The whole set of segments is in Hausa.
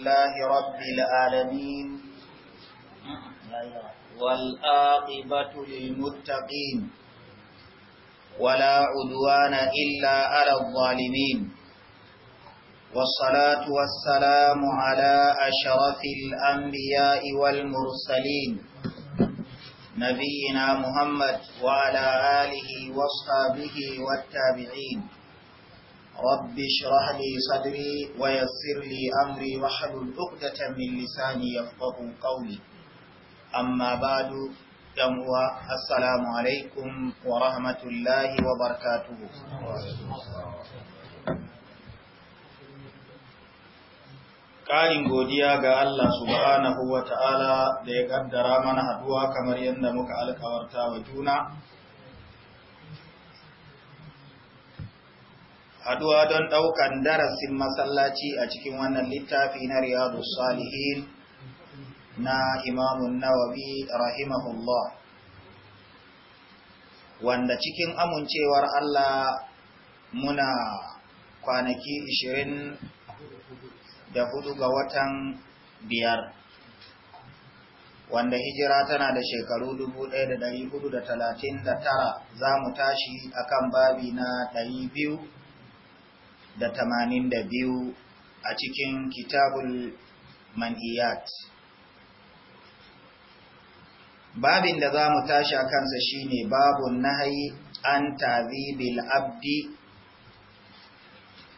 لله رب العالمين والآقبة للمتقين ولا عدوان إلا على الظالمين والصلاة والسلام على أشرف الأنبياء والمرسلين نبينا محمد وعلى آله واصحابه والتابعين رب اشرح لي صدري ويسر لي أمري واحلل عقدة من لساني يفقه قولي أما بعد يمو السلام عليكم ورحمة الله وبركاته Ƙarin godiya ga Allah subhanahu wa ta'ala da ya ƙaddara mana haduwa kamar yadda muka alkawarta wa juna haduwa don daukan darasin masallaci a cikin wannan littafi na riyadu salihin na imamun nawabi rahimahullah wanda cikin amincewar Allah muna kwanaki 20 da hudu ga watan biyar wanda hijira tana da shekaru 1439 za mu tashi akan babi na 200 da tamanin da biyu a cikin kitabul man'iyat babin da za mu tashi a kansa shine babun nahayi an tazibil abdi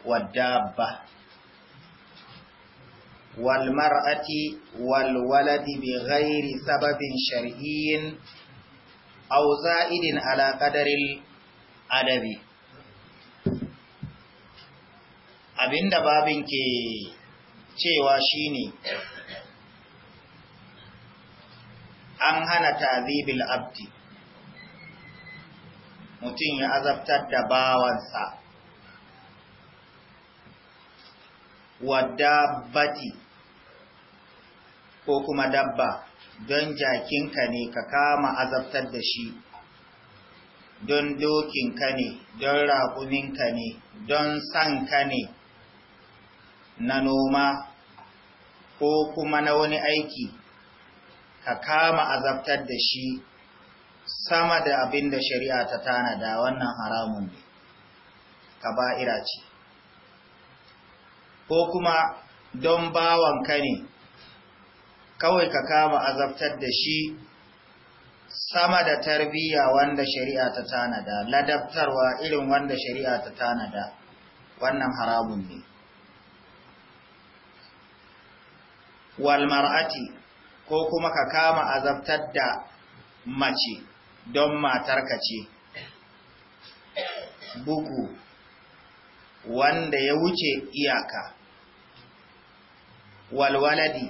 wadabba والمرأة والولد بغير سبب شرعي أو زائد على قدر adabi. abinda babin ke cewa shine an hana tazibil abdi mutum ya azabtar da bawansa wadda bati ko kuma dabba don jakinka ne ka kama azabtar da shi don dokinka ne don raƙuminka ne don san ka ne na noma ko kuma na wani aiki ka kama azabtar da shi sama da abin da shari'a ta tanada wannan haramun ne ka ira ce ko kuma don bawanka ne kawai ka kama azabtar da shi sama da tarbiyya wanda shari'a ta tanada ladabtarwa irin wanda shari'a ta tanada wannan haramun ne wal mar'ati ko kuma ka kama azabtar da mace don matarka ce bugu wanda ya wuce iyaka walwaladi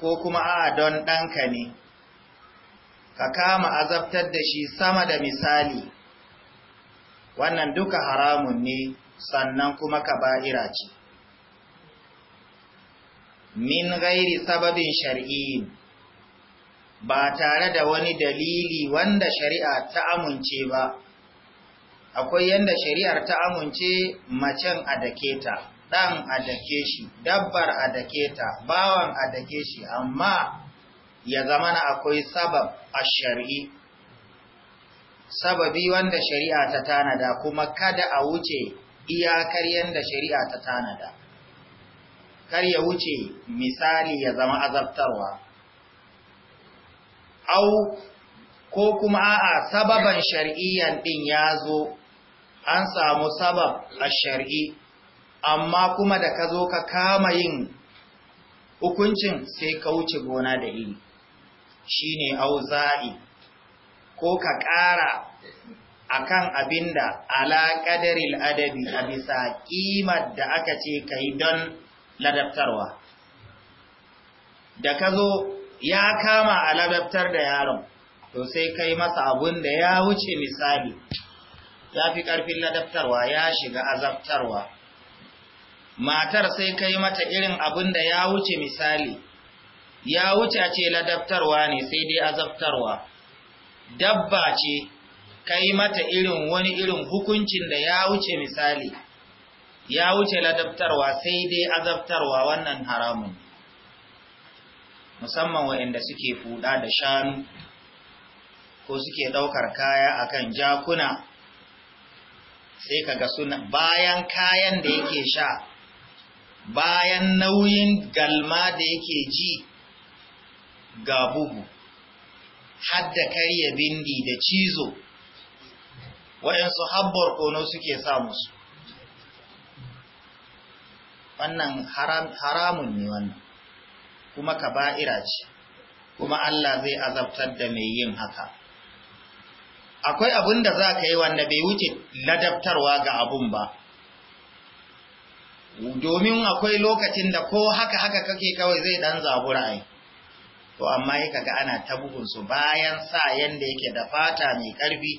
ko kuma a don ɗanka ne ka kama azabtar da shi sama da misali wannan duka haramun ne sannan kuma ka ba'ira ce min gairi sababin shar'i ba tare da wani dalili wanda shari'a ta amince ba akwai yadda shari'ar ta amince macen a dake ta dan a dake shi dabbar a dake ta bawan a dake shi amma ya zama na akwai sabab a shari'i sababi wanda shari'a ta tanada kuma kada a wuce iyakar yadda shari'a ta tanada kar ya wuce misali ya zama azabtarwa au ko kuma a'a sababan shar'iyyan din ya zo an samu sabab a shar'i amma kuma da ka zo ka kama yin hukuncin sai ka wuce gona da iri shine auza'i ko ka ƙara a kan abinda ala ƙadaril adabi a bisa ƙimar da aka ce ka yi don ladabtarwa da ka zo ya kama a ladabtar da yaron to sai kai masa abun da ya wuce misali ya fi ƙarfin ladabtarwa ya shiga azabtarwa matar sai kai mata irin abun da ya wuce misali ya wuce ce ladabtarwa ne sai dai azabtarwa dabba ce kai mata irin wani irin hukuncin da ya wuce misali ya wuce ladabtarwa sai dai azabtarwa wannan haramun musamman waɗanda suke fuda da shanu ko suke ɗaukar kaya akan jakuna sai kaga suna bayan kayan da yake sha bayan nauyin galma da yake ji ga bugu hadda karya bindi da cizo wa'yansu habbar kono suke sa musu wannan haramun ne wannan kuma kaba'ira ce kuma Allah zai azabtar da mai yin haka akwai abin da za ka yi wanda bai wuce ladabtarwa ga abun ba domin akwai lokacin da ko haka haka kake kawai zai dan zabura ai to amma yaka ga ana ta bugun su bayan sa yanda yake da fata mai karfi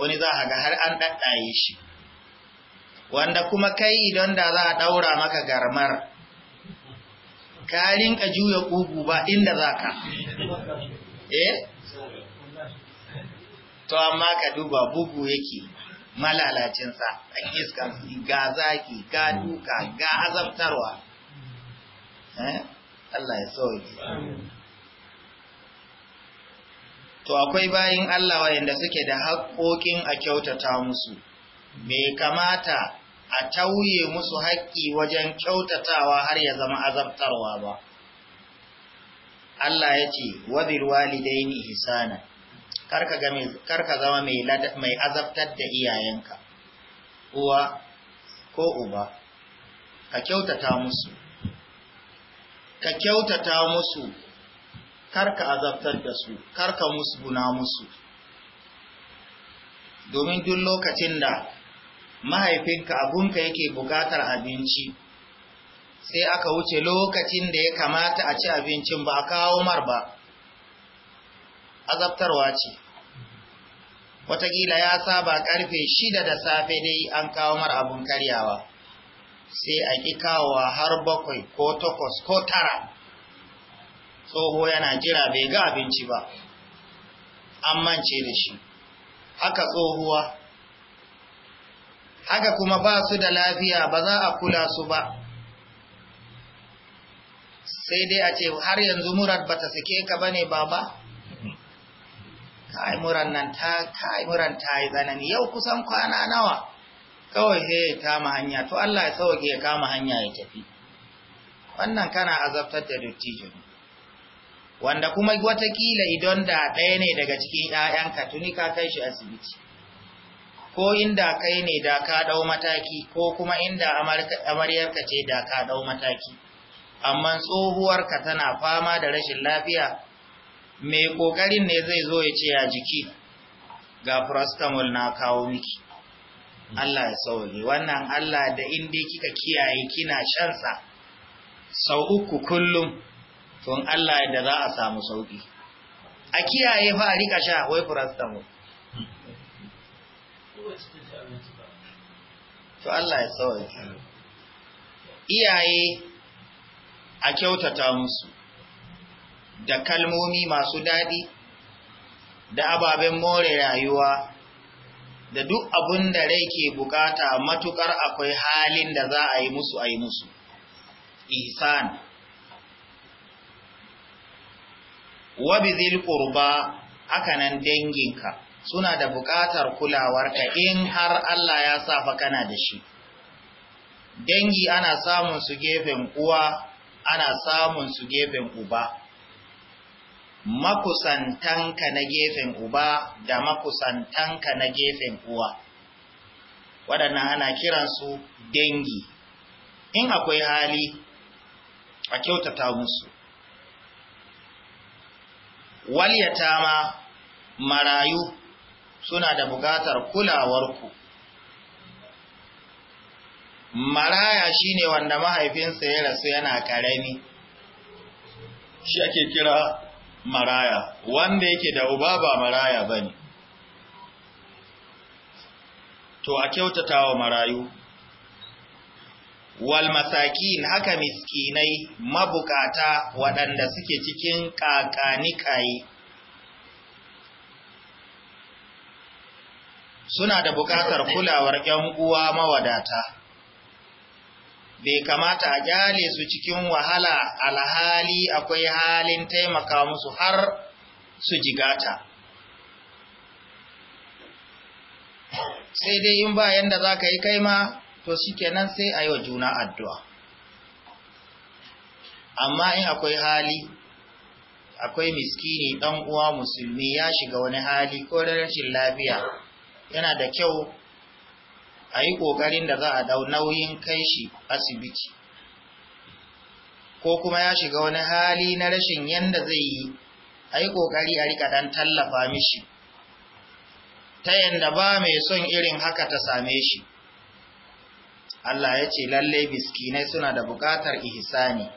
wani za ka ga har an daddaye shi wanda kuma kai idan da za a ɗaura maka garmar ka rinka juya ugu ba inda za ka eh to amma ka duba bugu yake malalacinsa a iskan ga zaki ga duka ga azabtarwa eh Allah ya sauki to akwai bayin Allah wayanda suke da haƙoƙin a kyautata musu bai kamata a tauye musu haƙƙi wajen kyautatawa har ya zama azabtarwa ba. Allah ya ce, Wabir walidaini hisana, karka zama mai azabtar da iyayenka, uwa ko uba, ka kyautata musu, ka kyautata musu, karka azabtar da su, karka musguna musu. Domin duk lokacin da mahaifinka abunka yake buƙatar abinci sai aka wuce lokacin da ya kamata a ci abincin ba a kawo mar ba azabtarwa ce watakila ya saba karfe shida da safe dai an kawo mar abun karyawa sai a ƙi kawowa har bakwai ko takwas ko tara tsoho yana jira bai ga abinci ba an mance da shi haka tsohuwa haka kuma ba su da lafiya ba za a kula su ba sai dai a ce har yanzu murar ba ta sake ka ba ne baba kai nan ta kai ta yi tsanani yau kusan kwana nawa kawai sai ya kama hanya to Allah ya sauke ya kama hanya ya tafi wannan kana azabtar da dattijo wanda kuma watakila idan da ɗaya ne daga cikin ‘ya'yanka tuni ka kai shi asibiti ko inda kai ne da ka dau mataki ko kuma inda amaryarka ce da ka dau mataki amma tsohuwarka tana fama da rashin lafiya mai kokarin ne zai zo ya ce ya jiki ga paracetamol na kawo miki Allah ya sauke wannan Allah da inda kika kiyaye kina shan sa sau uku kullum tun Allah da za a samu sauki a kiyaye fa a rika sha wai paracetamol to Allah ya iyaye a kyautata musu da kalmomi masu daɗi da ababen more rayuwa da duk abin da rai ke bukata matukar akwai halin da za a yi musu a yi musu ihsan wabi zil ƙurba hakanan danginka suna da buƙatar kulawarka in har Allah ya sa fa kana da shi. Dangi ana samun su gefen uwa, ana samun su gefen uba. Makusantanka na gefen uba da makusantanka na gefen uwa. Waɗannan ana kiransu dangi. In akwai hali, a kyautata musu. ma marayu suna da bukatar kulawarku maraya shine wanda mahaifinsa ya rasu yana karami shi ake kira maraya wanda yake da uba ba maraya bane to a wa marayu wal masakin haka miskinai mabukata waɗanda suke cikin kakani suna da buƙatar kulawar ‘yan uwa mawadata, bai kamata a jale su cikin wahala alhali akwai halin taimaka musu har su jigata. Sai dai in bayan da za ka yi kai ma to shi kenan sai a yi wa juna addu'a. Amma in akwai hali, akwai miskini ɗan uwa musulmi ya shiga wani hali ko rashin lafiya. yana da kyau a yi ƙoƙarin da za a dau nauyin kai shi asibiti ko kuma ya shiga wani hali na rashin yanda zai yi a yi ƙoƙari a riƙa ɗan tallafa mishi ta yanda ba mai son irin haka ta same shi Allah ya ce lalle biskinai suna da buƙatar ihsani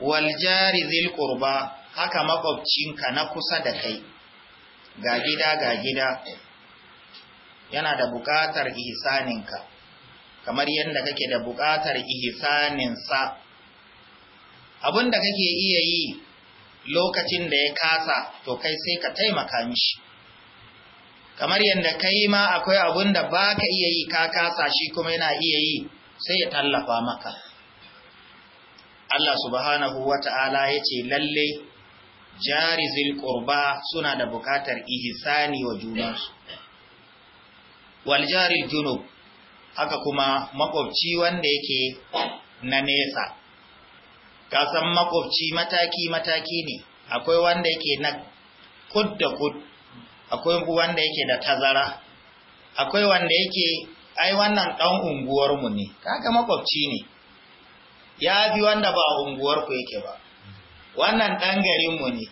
wal jari zil qurba haka makwabcinka na kusa da kai ga gida ga gida yana da buƙatar ihsaninka kamar yadda kake da buƙatar ihsaninsa abinda kake iya yi lokacin da ya kasa to kai sai ka taimaka mishi kamar yadda kai ma akwai abin da ba ka iya yi ka kasa shi kuma yana iya yi sai ya tallafa maka Allah subhanahu wa ta'ala ya ce lalle jarizil ƙurba suna da buƙatar ihisani wa junansu wal jaril junub haka kuma makwabci wanda yake na nesa kasan makwabci mataki mataki ne akwai wanda yake na kud da kud akwai wanda yake da tazara akwai wanda yake ai wannan dan unguwarmu ne kaga makwabci ne ya fi wanda ba unguwarku yake ba wannan dan garinmu ne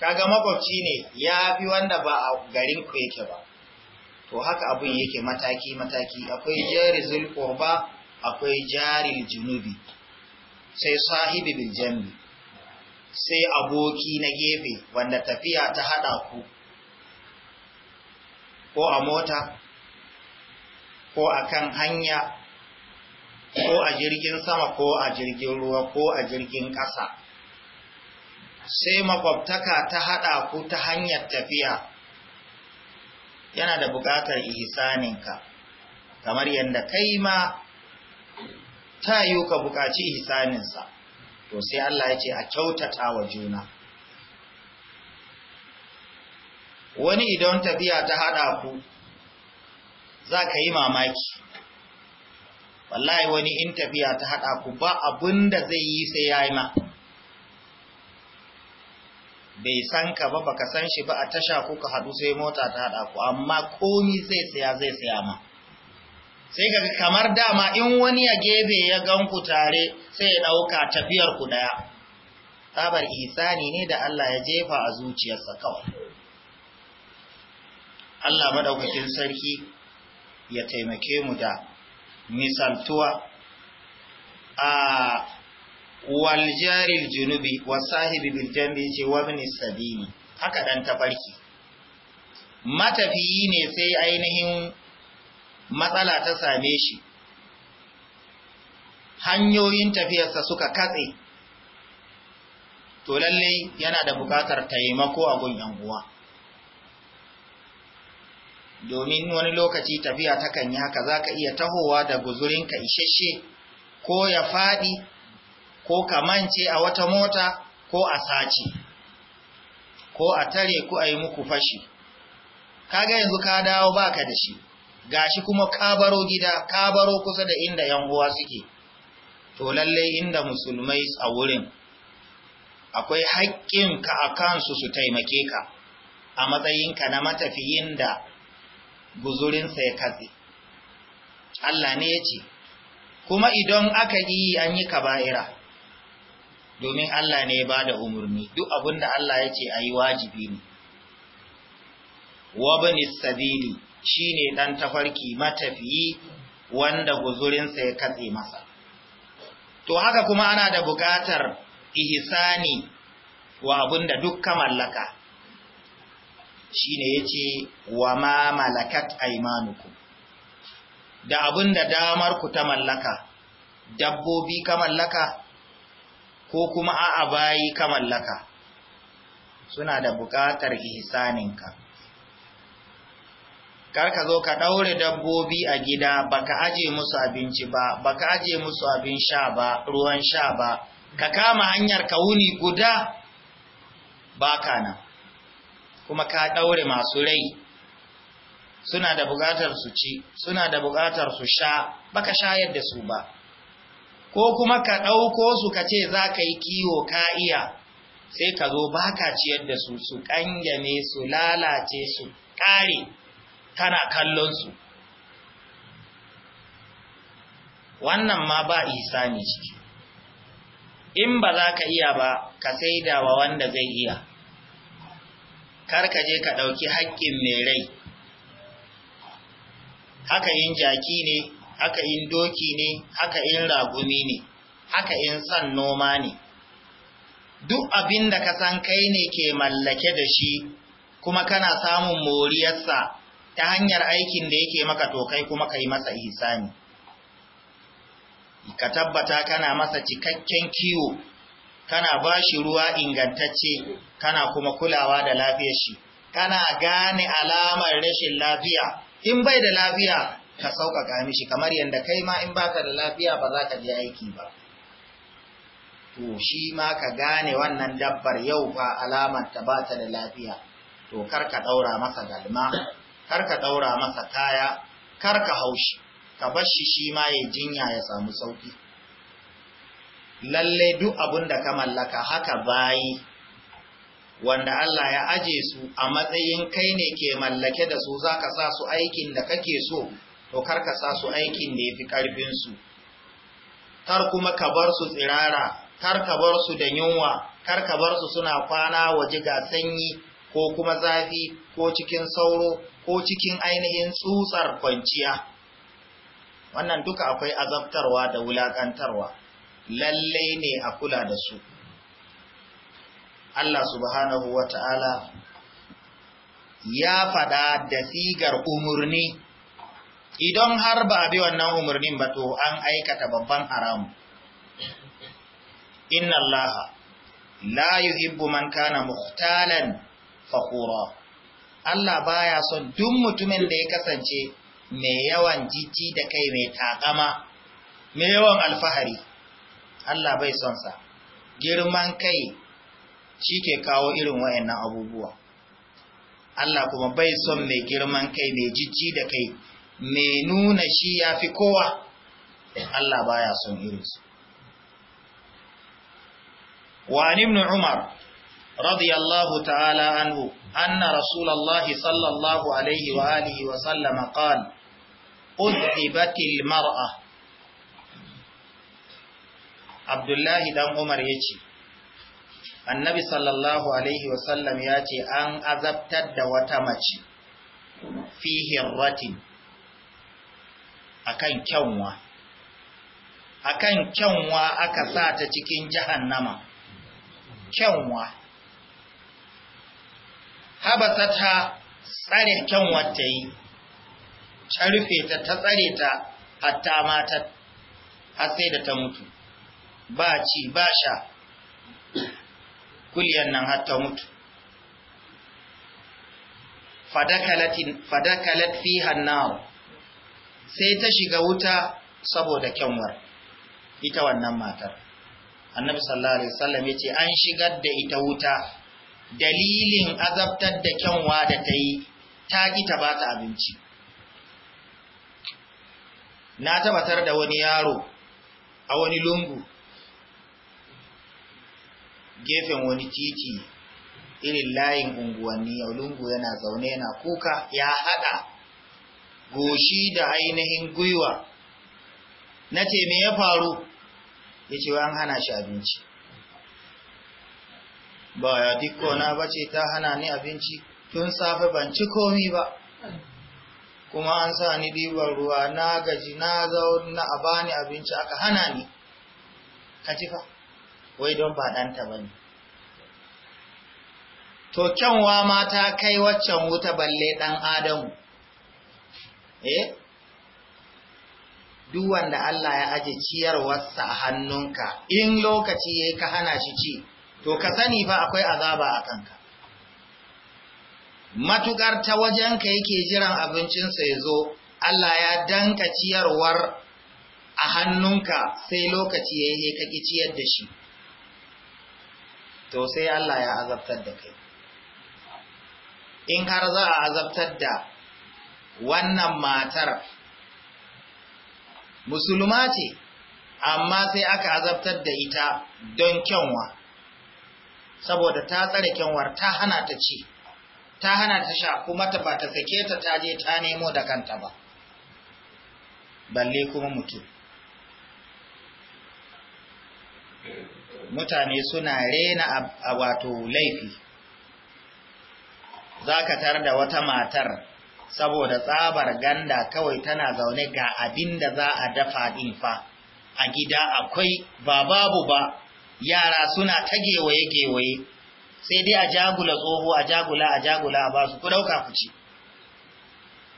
kaga makwabci ne ya fi wanda ba a garinku yake ba to haka abun yake mataki mataki akwai jari zulqurba akwai jari junubi sai sahibi bil sai aboki na gefe wanda tafiya ta hada ku ko a mota ko a kan hanya ko a jirgin sama ko a jirgin ruwa ko a jirgin ƙasa sai makwabtaka ta haɗa ku ta hanyar tafiya yana da buƙatar ihsaninka kamar yadda kai ma ta yi ka buƙaci ihsaninsa to sai Allah ya ce a kyautata wa juna wani idan tafiya ta haɗa ku za ka yi mamaki wallahi wani in tafiya ta haɗa ku ba abin da zai yi sai ya yi ma bai san ka ba baka san shi ba a tasha ko ka haɗu sai mota ta haɗa ku amma komi zai saya zai saya ma sai ga kamar dama in wani ya gebe ya ganku tare sai ya ɗauka tafiyar ku ɗaya tsabar isani ne da Allah ya jefa a zuciyarsa kawai Allah madaukakin sarki ya taimake mu da misaltuwa a ah, wal junubi wa sahibi bil jambi ce wa bin sabili haka dan tafarki matafiyi ne sai ainihin matsala ta same shi hanyoyin tafiyarsa suka katse to lalle yana da bukatar taimako a gun yan uwa domin wani lokaci tafiya ta kan yi haka zaka iya tahowa da guzurinka isasshe ko ya faɗi ko ka mance a wata mota ko a sace ko a tare ku a yi muku fashi kaga yanzu ka dawo baka da shi gashi kuma ka baro gida ka baro kusa da inda yan uwa suke to lalle inda musulmai a wurin akwai haƙƙin ka a kansu su taimake ka a matsayinka na matafiyin da guzurin ya katse Allah ne ya ce kuma idan aka yi an yi kaba'ira domin Allah ne ya bada umurni duk abin da Allah ya ce ayi wajibi ne wa bani shi shine dan tafarki matafiyi wanda guzurinsa ya katse masa to haka kuma ana da buƙatar ihsani wa abin da duk ka mallaka shine yace wa ma malakat aymanukum da abin da damar ku ta mallaka dabbobi ka mallaka ko kuma a'a bayi ka mallaka suna da buƙatar ihsaninka kar ka zo ka ɗaure dabbobi a gida baka aje musu abinci ba baka aje musu abin sha ba ruwan sha ba ka kama hanyar ka wuni guda baka nan kuma ka ɗaure masu rai suna da buƙatar su ci suna da buƙatar su sha baka shayar da su ba ko kuma ka ɗauko su ka ce za ka yi kiwo ka iya sai ka zo ba ka ciyar da su su ƙanyame, su lalace su ƙare kana kallonsu wannan ma ba Isa ne ciki in ba za ka iya ba ka da wa wanda zai iya kar ka je ka ɗauki haƙƙin mai rai haka yin jaki ne haka in doki ne haka in ragumi ne haka in san noma ne duk abin da ka san kai ne ke mallake da shi kuma kana samun moriyarsa ta hanyar aikin da yake maka tokai kai kuma kai masa ihsani ka tabbata kana masa cikakken kiwo kana ba shi ruwa ingantacce kana kuma kulawa da lafiyar shi kana gane alamar rashin lafiya in bai da lafiya ka sauƙaƙa mishi kamar yadda kai ma in baka da lafiya ba za ka je aiki ba to shi ma ka gane wannan dabbar yau fa alamar ta ba ta da lafiya to kar ka ɗaura masa galma kar ka ɗaura masa kaya kar ka haushi ka bar shi shi ma ya jinya ya samu sauƙi lalle duk abin da ka mallaka haka bayi wanda Allah ya aje su a matsayin kai ne ke mallake da su zaka sa su aikin da kake so to karkasa su aikin da ya fi ƙarfinsu kar kuma ka bar su tsirara kar ka bar su da yunwa kar ka bar su suna kwana waje ga sanyi ko kuma zafi ko cikin sauro ko cikin ainihin tsutsar kwanciya wannan duka akwai azabtarwa da wulaƙantarwa. lallai ne a kula da su Allah subhanahu wa ta'ala ya faɗa da sigar umurni idan har ba a bi wannan umarnin ba to an aikata babban haramu inna allaha la yuhibbu man kana muhtalan fakura Allah baya son duk mutumin da ya kasance mai yawan jijji da kai mai takama mai yawan alfahari Allah bai son sa girman kai shi ke kawo irin wayannan abubuwa Allah kuma bai son mai girman kai mai jijji da kai mai nuna shi ya fi kowa Allah baya son irinsu وعن ابن عمر رضي الله تعالى عنه أن رسول الله صلى الله عليه وآله وسلم قال أذهبت المرأة عبد الله دم annabi sallallahu alaihi sallam ya ce an azabtar da wata mace fi hirratin akan kyanwa akan kyanwa aka sa ta cikin jahannama kyanwa habasa ta tsare kyanwar ta yi ta rufe ta ta tsare ta hatta mata har sai da ta mutu ba ci ba sha kuliyan nan har ta mutu fadakalat fiha an-nar sai ta shiga wuta saboda kyanwar ita wannan matar annabi sallallahu alaihi wasallam yace an shigar da ita wuta dalilin azabtar da kyanwa da ta yi ta ki ta bata abinci na tabbatar da wani yaro a wani lungu gefen wani titi irin layin unguwanni a lungu yana zaune yana kuka ya haɗa goshi da ainihin gwiwa na ce me ya faru ya ce an hana shi abinci ba ya dikona ba ce ta hana ni abinci tun safe ban ci komi ba kuma an sa ni ɗiban ruwa na gaji na zauna a bani abinci aka hana ni ka ci fa wai don ba ɗanta ba ne to kyanwa ma ta kai waccan wuta balle ɗan adamu eh duk wanda Allah ya aje ciyarwarsa a hannunka in lokaci yayi ka hana shi ci to ka sani fa akwai azaba a kanka matukar ta wajenka yake jiran abincinsa ya zo Allah ya danka ciyarwar a hannunka sai lokaci ya yi kaki ciyar da shi to sai Allah ya azabtar da kai in har za a azabtar da wannan matar musulma ce amma sai aka azabtar da ita don kyanwa saboda ta tsare kyanwar ta hana ta ci ta hana ta sha kuma ta ba ta sake ta ta je ta nemo da kanta ba balle kuma mutum mutane suna rena a wato laifi za ka tare da wata matar saboda tsabar ganda kawai tana zaune ga abin da za a dafa din fa a gida akwai ba babu ba yara suna ta gewaye-gewaye sai dai a jagula tsoho a jagula a jagula a basu ku dauka ku ci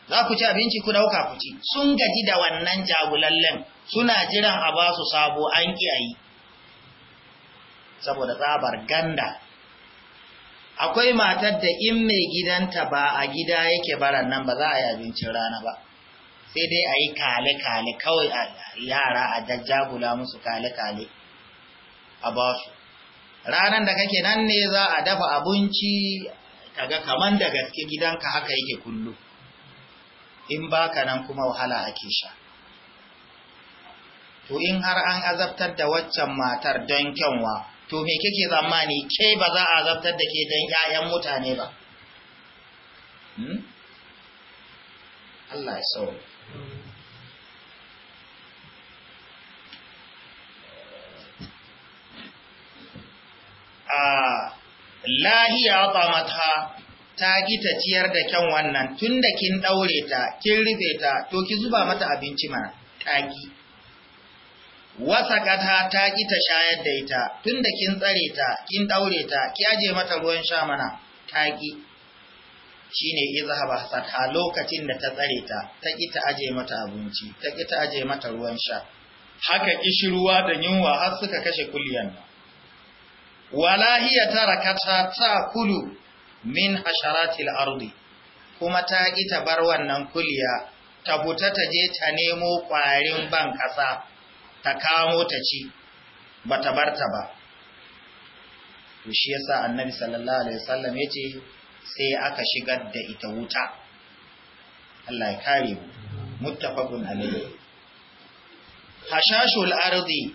za ku ci abinci ku dauka ku ci sun gaji da wannan jagulallen suna jiran a basu sabo an ki saboda tsabar ganda akwai matar da in mai gidanta ba a gida yake baran nan ba za a yi abincin rana ba sai dai a yi kale-kale kawai a yara a jajjagula musu kale-kale a ba su ranar da kake nan ne za a dafa abinci kaga kaman da gaske gidanka haka yake kullu in baka nan kuma wahala ake sha to in har an azabtar da waccan matar don kyanwa to me kike zamani ke ba za a zartar da ke don ‘ya'yan mutane ba hmm? Allah ya sau a lahiya mata ta gita ciyar da kyan wannan tun da kin ɗaure ta kin rufe ta to ki zuba mata abinci mana ta wasa gata ta ƙi ta shayar da ita tun da kin tsare ta kin ɗaure ta ki aje mata ruwan sha mana ta ƙi shi ne hasad sata lokacin da ta tsare ta ta ki ta aje mata abinci ta ki ta aje mata ruwan sha haka ruwa da yunwa har suka kashe kulliyan nan wala hiya tarakata ta kulu min asharatil ardi kuma ta ƙi ta bar wannan kulliya ta fita ta je ta nemo ƙwarin ban ƙasa ta kamo ta ci ba ta barta ba to ya sa annabi sallallahu alaihi wasallam yace sai aka shigar da ita wuta Allah ya kare mu muttafaqun alaihi hashashul ardi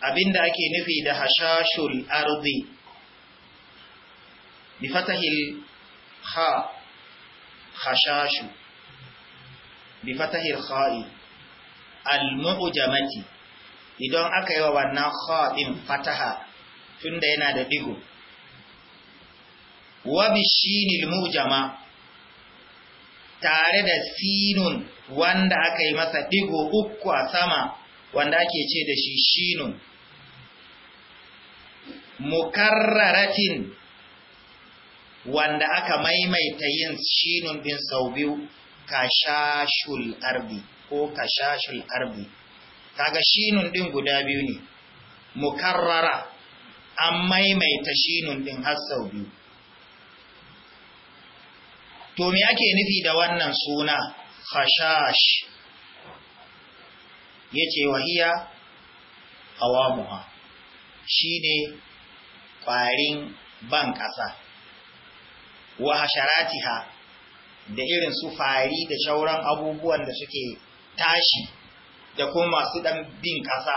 abinda ake nufi da hashashul ardi bi fatahil ha hashashu bi fatahil kha'i al-mu'jamati idan aka yi wa wannan khaɗin fataha tunda yana da digo wa bishinil mujama tare da sinun wanda aka yi masa digo uku a sama wanda ake ce da shi shinun mukarraratin wanda aka maimaita yin shinun din sau biyu kashashul arbi ko kashashul arbi kaga shinun din guda biyu ne mukarrara an maimaita shinun din har sau biyu to me ake nufi da wannan suna khashash yace wahiya awamuha shine ƙwarin ban ƙasa wa hasharatiha da irin su fari da shauran abubuwan da suke tashi da kuma masu dan bin ƙasa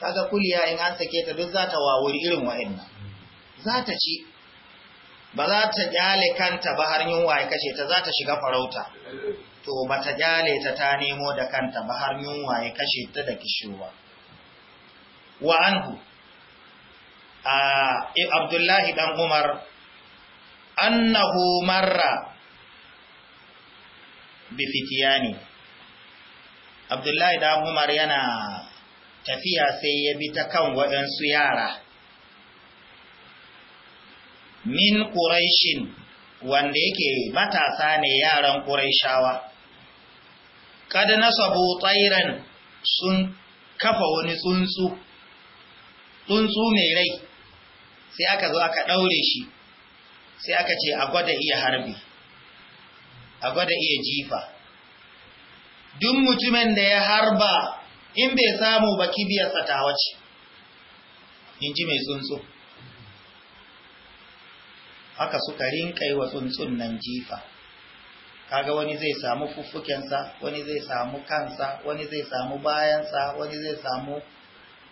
kaga kuliya in an sake ta duk za ta wawuri irin wa'annan za ta ci ba za ta jale kanta ba har yunwa ya kashe ta za ta shiga farauta to ba ta jale ta ta nemo da kanta ba har yunwa ya kashe ta da kishuwa wa anhu a abdullahi dan umar annahu marra bi fitiyani abdullahi da umar yana tafiya sai ya bi ta kan waɗansu yara min ƙuraishin wanda yake matasa ne yaran ƙuraishawa na nasabu tsairan sun kafa wani tsuntsu tsuntsu mai rai sai aka zo aka ɗaure shi sai aka ce a gwada iya harbi a gwada iya jifa duk mutumin da ya harba in bai samu ba kibiyarsa ta wace in ji mai tsuntsu haka suka rinkai wa tsuntsun nan jifa kaga wani zai samu fuffukensa wani zai samu kansa wani zai samu bayansa wani zai samu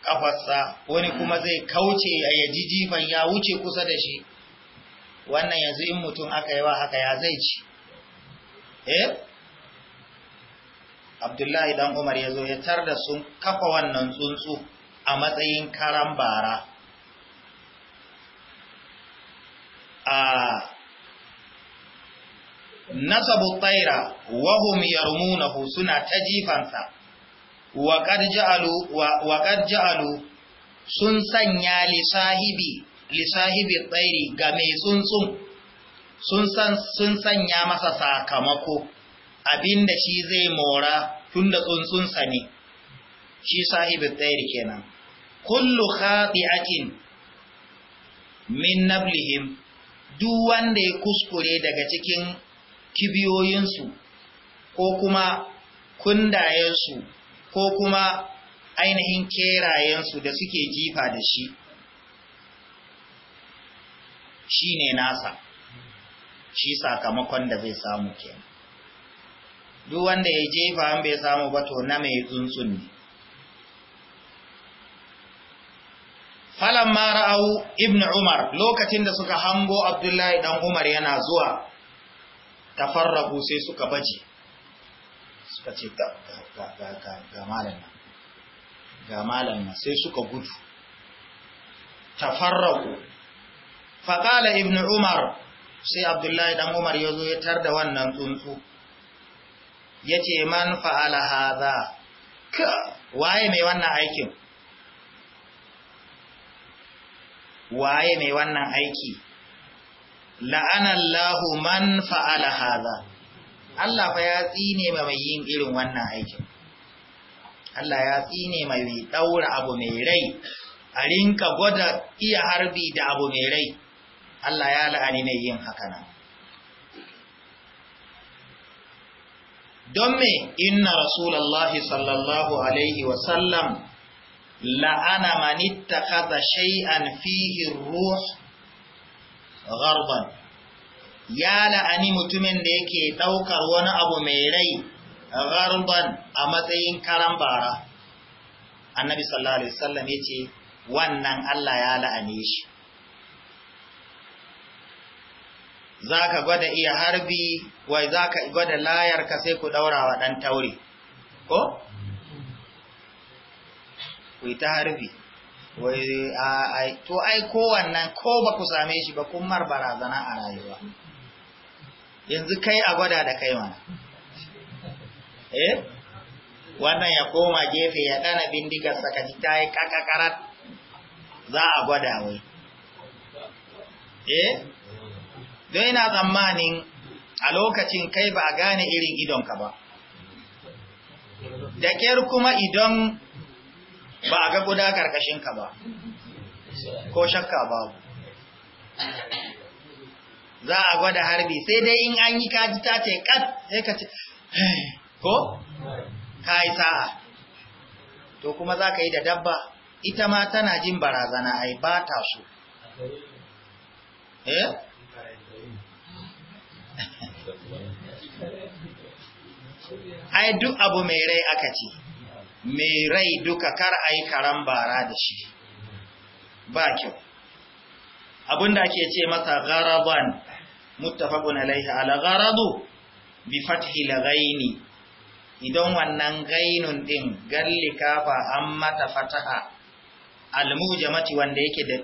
kafarsa wani kuma zai kauce a yaji jifan ya wuce kusa da shi wannan yanzu in mutum aka yi wa haka ya zai ci eh abdullahi dan umar ya zo ya tar da sun kafa wannan tsuntsu a matsayin karan bara a nasabu tsaira wahum yarmunahu suna ta jifansa wa kad ja'alu sun sanya lisahibi lisahibi tsairi ga mai tsuntsun sun sanya masa sakamako abin da shi zai mora tun da tsuntsunsa ne, shi sahibin tsayar kenan. Kullu khati'atin min nablihim duk wanda ya kuskure daga cikin kibiyoyinsu ko kuma kundayensu ko kuma ainihin kerayensu da suke jifa da shi, shi ne nasa, shi sakamakon da zai samu kenan. duk wanda ya jefa an bai samu ba to na mai tsuntsun ne falan mara'au ibn umar lokacin da suka hango abdullahi dan umar yana zuwa tafarraku sai suka baje suka ce ga malam ga malama sai suka gudu tafarraku faƙala ibn umar sai abdullahi dan umar ya zo ya tar da wannan tsuntsu ya ce man fa'ala haza ka waye mai wannan aikin waye mai wannan aiki la'anallahu man fa'ala haza Allah fa ya tsine mai yin irin wannan aikin Allah ya tsine mai daura abu mai rai a rinka gwada iya harbi da abu mai rai Allah ya la'ani mai yin hakanan don me inna rasulallahi sallallahu alaihi wasallam la'ana manitta kaza shay'an fihi ruh gharban ya la'ani mutumin da yake ɗaukar wani abu mai rai gharban a matsayin karan bara annabi sallallahu alaihi wasallam ya ce wannan Allah ya la'ane shi za ka gwada iya harbi wai za ka gwada layarka sai ku ɗaura wa ɗan taure ko? ku ta harbi wai to ai kowannan ko ba ku same shi ba kun mar barazana a rayuwa yanzu kai a gwada da kai mana eh wannan ya koma gefe ya ɗana bindigar sakaci ta yi kakakarat za a gwada wai eh don yana tsammanin a lokacin kai ba a gane irin idonka ba da ƙyar kuma idon ba a ga guda ka ba ko shakka babu za a gwada harbi sai dai in an yi kaji ta ce kat sai ka ce ko ka yi sa'a to kuma za ka yi da dabba ita ma tana jin barazana ai ba ta so eh? ai duk abu mai rai aka duka kar a karam karan bara shi ake ce masa garaban muttafaqun alaihi ala garadu bi fathi lagaini idan wannan gainun din gallikafa an mata fatha almujamati wanda yake da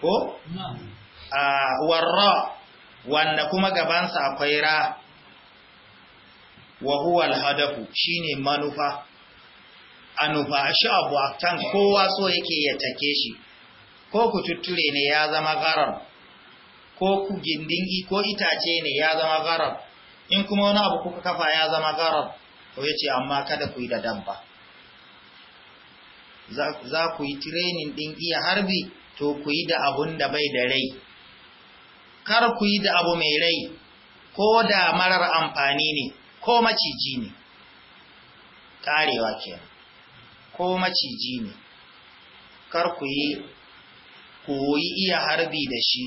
ko ah, warra wanda kuma gabansa akwai ra wa huwa alhadafu shine manufa anufa shi abu akan kowa so yake ya take shi ko ku tutture ne ya zama garar ko ku gindin ko itace ne ya zama garar in kuma wani abu kuka kafa ya zama garar to yace amma kada ku yi da dabba za ku yi training din iya harbi to ku yi da abun da bai da rai kar ku yi da abu mai rai ko da marar amfani ne ko maciji ne karewa kenan ko maciji ne kar ku yi koyi iya harbi da shi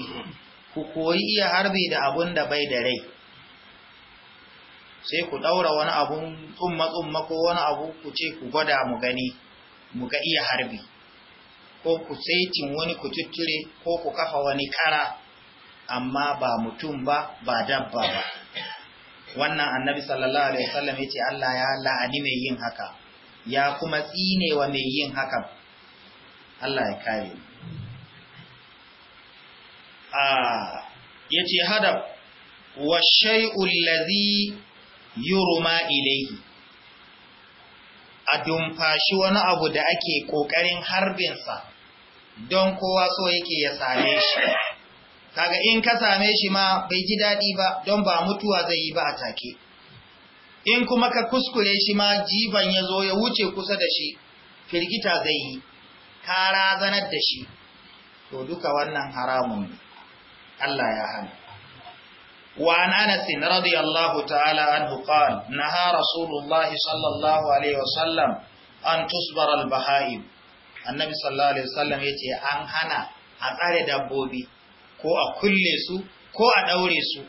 ku koyi iya harbi da abun da bai da rai sai ku ɗaura wani abun tsumma-tsumma ko wani abu ku ce ku gwada mu gani mu ga iya harbi ko ku saitin wani ku tutture ko ku kafa wani kara amma ba mutum ba ba dabba ba wannan annabi sallallahu alaihi wasallam yace Allah ya la'ani mai yin haka ya kuma tsinewa mai yin haka Allah ya kare a ah, yace hadab wa shay'ul ladhi yurma ilayhi a dumfashi wani abu da ake kokarin harbinsa don kowa so yake ya same shi kaga in ka same shi ma bai ji daɗi ba don ba mutuwa zai yi ba a take in kuma ka kuskure shi ma jiban ya zo ya wuce kusa da shi firgita zai yi ka razanar da shi to duka wannan haramun ne Allah ya hana وعن أنس رضي الله تعالى عنه قال نهى رسول الله صلى الله عليه وسلم أن تصبر البهائم النبي صلى الله عليه وسلم يتي أنهنا هنا أتاري دبوبي ko a kulle su ko a ɗaure su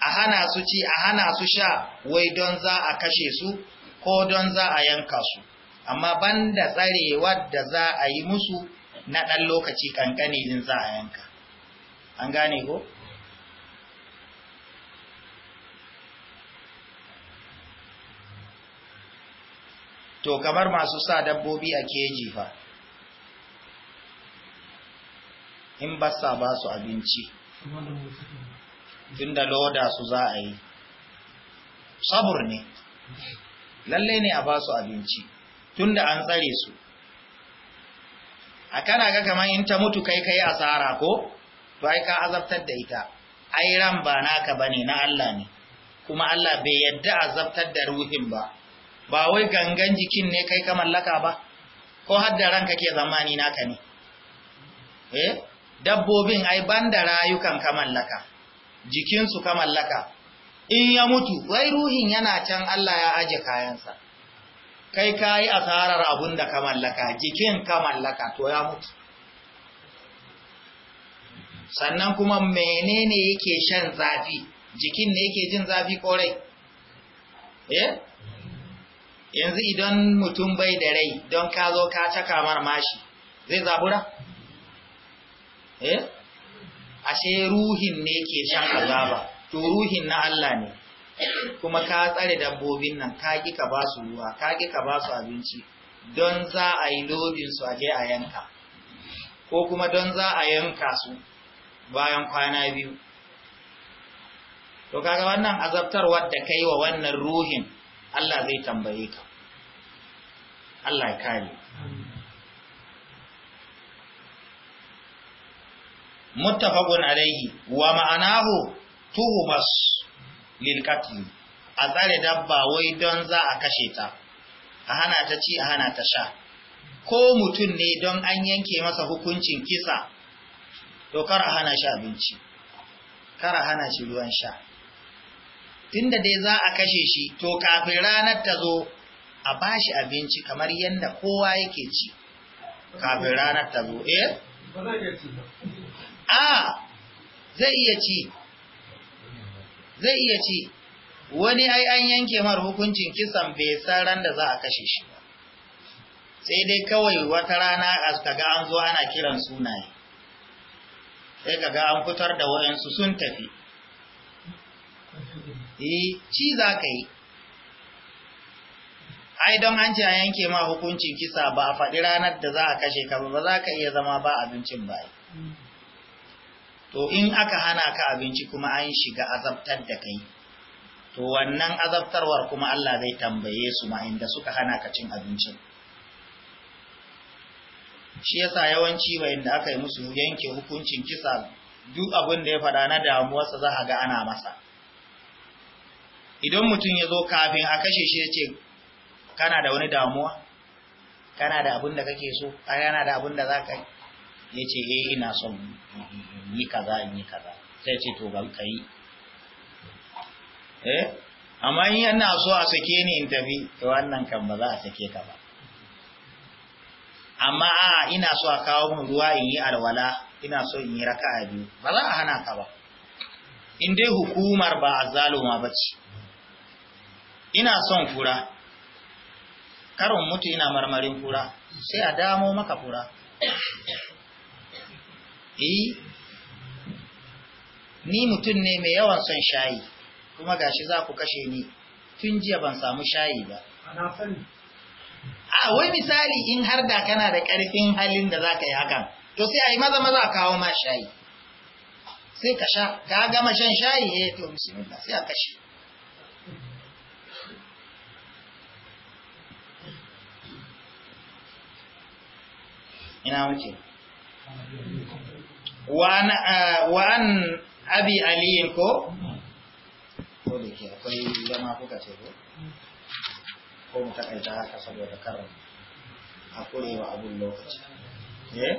a hana su ci a hana su sha wai don za a kashe su ko don za a yanka su amma banda tsarewar da za a yi musu na ɗan lokaci ƙanƙani din za a yanka an gane ko? to kamar masu sa dabbobi a keji fa in ba sa ba su abinci tun da loda su za a yi sabur ne lalle ne a ba su abinci tun da an tsare su a kana ga kamar in ta mutu kai kai asara ko to ai ka azabtar da ita ai ran ba naka bane na Allah ne kuma Allah bai yadda azabtar da ruhin ba ba wai gangan jikin ne kai ka mallaka ba ko har da ranka ke zamani naka ne eh dabbobin ai banda rayukan ka mallaka jikinsu ka mallaka in ya mutu wai ruhin yana can Allah ya aje kayansa kai kayi asarar abun da ka mallaka jikin ka mallaka to ya mutu sannan kuma menene yake shan zafi jikin ne yake jin zafi korai eh yanzu idan mutum bai da rai don ka zo ka caka mar mashi zai zabura eh ashe ruhin ne ke shan azaba to ruhin na Allah ne kuma ka tsare dabbobin nan ka ki ka ba su ruwa ka ki ka ba su abinci don za a yi lobin su aje a yanka ko kuma don za a yanka su bayan kwana biyu to kaga wannan azabtarwar da kai wa wannan ruhin Allah zai tambaye ka Allah ya kare muttafaqun alaihi wa ma'anahu tuhumas lil qatl a tsare dabba wai don za a kashe ta a hana ta ci a hana ta sha ko mutum ne don an yanke masa hukuncin kisa to kar a hana shi abinci kar a hana shi ruwan sha tunda dai za a kashe shi to kafin ranar ta zo a bashi abinci kamar yadda kowa yake ci kafin ranar ta zo eh a zai iya ci zai iya ci wani ai an yanke mar hukuncin kisan bai san ran da za a kashe shi ba sai dai kawai wata rana a kaga an zo ana kiran sunaye sai kaga an fitar da wayansu sun tafi eh ci za ka yi ai don an ce a yanke ma hukuncin kisa ba a faɗi ranar da za a kashe ka ba za ka iya zama ba abincin ba to in aka hana ka abinci kuma an shiga azabtar da kai to wannan azabtarwar kuma Allah zai tambaye su ma inda suka hana ka cin abinci shi yasa yawanci ba inda aka yi musu yanke hukuncin kisa duk abin da ya faɗa na damuwarsa za a ga ana masa idan mutum ya zo kafin a kashe shi ya ce kana da wani damuwa kana da abin da kake so kana da abin da za ka yi ya ce eh ina son yi kaza in yi kaza sai ce to ga kai eh amma in yana so a sake ni in tafi to wannan kan ba za a sake ka ba amma a ina so a kawo min ruwa in yi alwala ina so in yi raka'a biyu ba za a hana ka ba in dai hukumar ba azzaluma bace ina son fura karon mutu ina marmarin fura sai a damo maka fura eh ni mutum ne mai yawan son shayi kuma gashi za ku kashe ni tun jiya ban samu shayi ba a wai misali in har da kana da ƙarfin halin da za ka yi hakan to sai a yi maza maza kawo ma shayi sai ka sha ka gama shan shayi eh to bismillah sai a kashe ina muke wa an eh, abi aliyin ko ko da ke akwai zama kuka ce ko ko mu takaita haka saboda karin a kurewa abun lokaci eh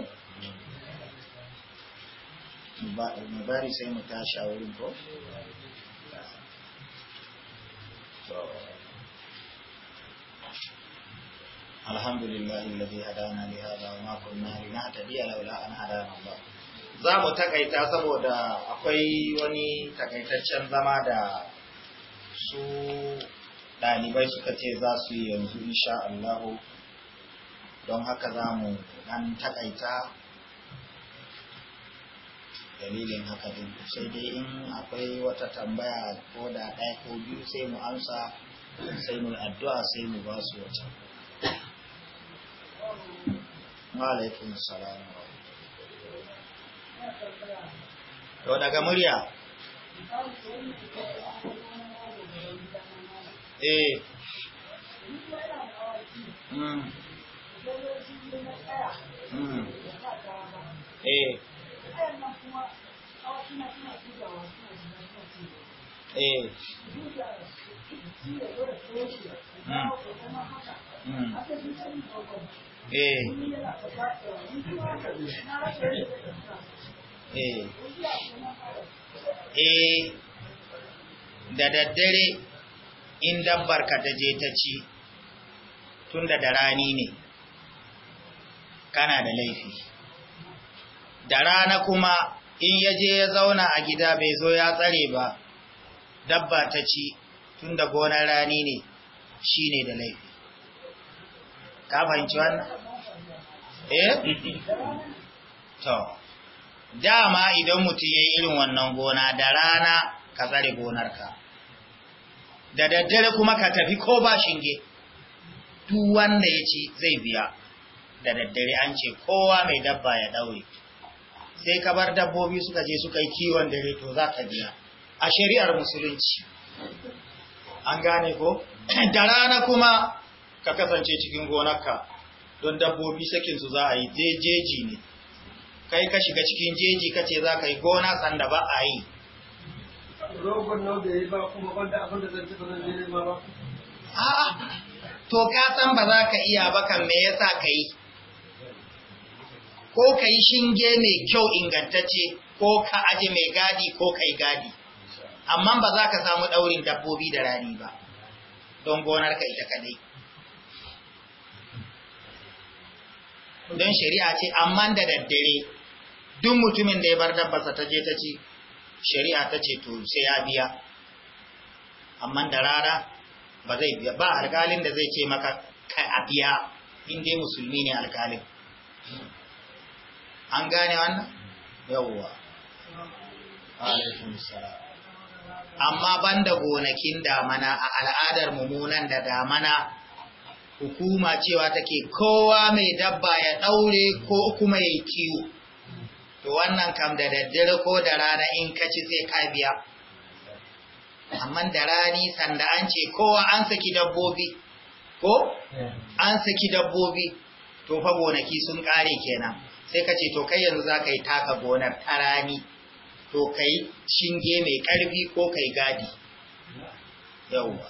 mu bari sai mu tashi a wurin ko الحمد لله الذي هدانا لهذا وما كنا لنهتدي لولا أن هدانا الله za mu takaita saboda akwai wani takaitaccen zama da su ɗalibai suka ce za su yi yanzu insha Allahu don haka za mu ɗan takaita dalilin haka din sai dai in akwai wata tambaya ko da ɗaya ko biyu sai mu amsa sai mu addu'a sai mu ba su wata. Malaikun salamu To daga murya. Eh. Hmm. Hmm. eh. eh. Hmm. eh. e da daddare in dabbar ka ta je ta ci tun da rani ne kana da laifi da rana kuma in ya je ya zauna a gida bai zo ya tsare ba dabba ta ci tun da gonar rani ne shi ne da laifi ka fahimci wannan eh to dama idan mutum ya yi irin wannan gona da rana ka tsare gonarka da daddare kuma ka tafi ko ba shinge duk wanda ya ci zai biya da daddare an ce kowa mai dabba ya daure sai ka bar dabbobi suka je suka yi kiwon dare to za ka biya a shari'ar musulunci an gane ko da rana kuma ka kasance cikin gonarka don dabbobi sakinsu za a yi jeji ne kai ka shiga cikin jeji ka ce za ka yi gona sanda ba a yi a'a to ka san ba za ka iya ba kan me yasa ka yi ko ka yi shinge mai kyau ingantacce ko ka aje mai gadi ko ka gadi amma ba za ka samu ɗaurin dabbobi da rani ba don gonar ka ita kadai don shari'a ce amma da daddare duk mutumin da ya bar dabbarsa ta je ta ci shari'a ta ce to sai ya biya amma da rara ba zai biya ba alƙalin da zai ce maka kai a biya in dai musulmi ne alƙalin an gane wannan yawwa Amma ban da gonakin damana a al'adar mummunan da damana hukuma cewa take kowa mai dabba ya daure ko kuma ya kiwo to wannan kam da daddare ko da rana in ka ci sai ka biya amma da rani sanda an ce kowa an saki dabbobi ko eh. an saki dabbobi to fa gonaki sun kare kenan sai ka ce to kai yanzu za ka yi taka gonar ta rani to kai shinge mai karfi ko kai gadi yauwa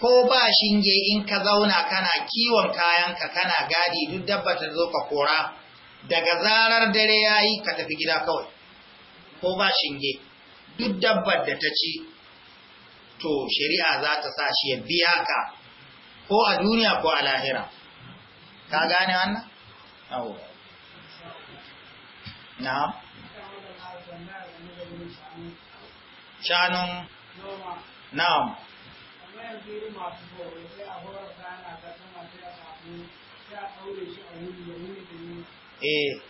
ko ba shinge in ka zauna kana kiwon kayanka kana gadi duk dabba zo ka kora daga zarar dare ya yi ka tafi gida kawai ko ba shinge duk dabbar da ta ci to shari'a za ta sa shi ya biya ka ko a duniya ko a lahira ka gane wannan? awo na shanun na'am yi masu eh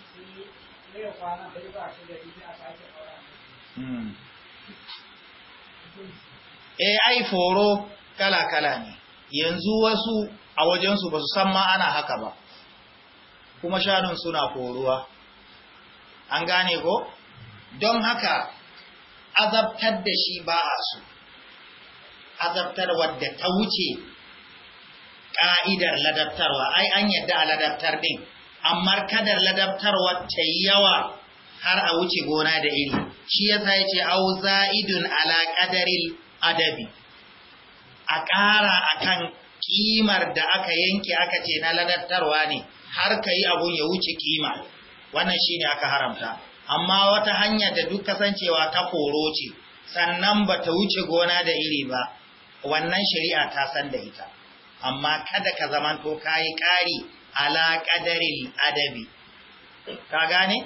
hmm. eh ai foro kala-kala ne yanzu wasu a wajensu ba su san ma ana haka ba kuma shanun suna foruwa an gane ko don haka azabtar da shi ba a su azabtar wadda ta wuce ƙa'idar ladabtarwa ai an yadda a ladabtar din amma kada ladabtarwa ta yi yawa har a wuce gona da iri shi yasa yace au za'idun ala qadaril adabi a ƙara akan kimar da aka yanke aka ce na ladabtarwa ne har kai abun ya wuce kima wannan shine aka haramta amma wata hanya da duk kasancewa ta koro ce sannan ba ta wuce gona da iri ba wannan shari'a ta san da ita amma kada ka zamanto kai ƙari ala ƙadarin adabi ka gane?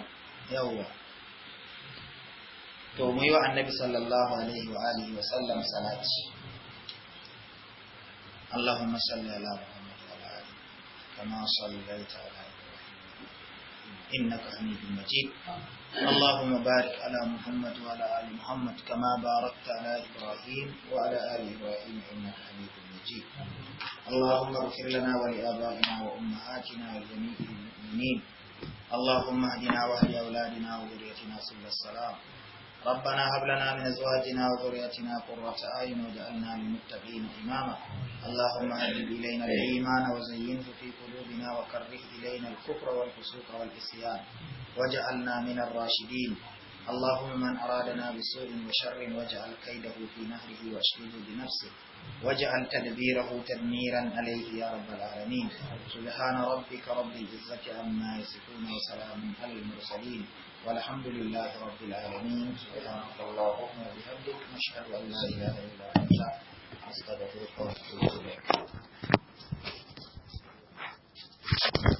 yawwa to mu yi wa annabi sallallahu alaihi wa alihi wa sallam salati Allahumma salli ala Muhammad wa ala alihi kama sallaita ala إنك حميد مجيد اللهم بارك على محمد وعلى آل محمد كما باركت على إبراهيم وعلى آل إبراهيم إنك حميد مجيد اللهم اغفر لنا ولآبائنا وأمهاتنا وجميع المؤمنين اللهم اهدنا واهد أولادنا وذريتنا سبل السلام ربنا هب لنا من ازواجنا وذريتنا قرة اعين واجعلنا للمتقين اماما اللهم هب الينا الايمان وزينه في قلوبنا وكره الينا الكفر والفسوق والعصيان واجعلنا من الراشدين اللهم من أرادنا بسوء وشر واجعل كيده في نهره واشغله بنفسه واجعل تدبيره تدميرا عليه يا رب العالمين سبحان ربك رب العزة عما يصفون وسلام على المرسلين والحمد لله رب العالمين سبحانك اللهم وبحمدك نشهد ان لا اله الا انت استغفرك واتوب اليك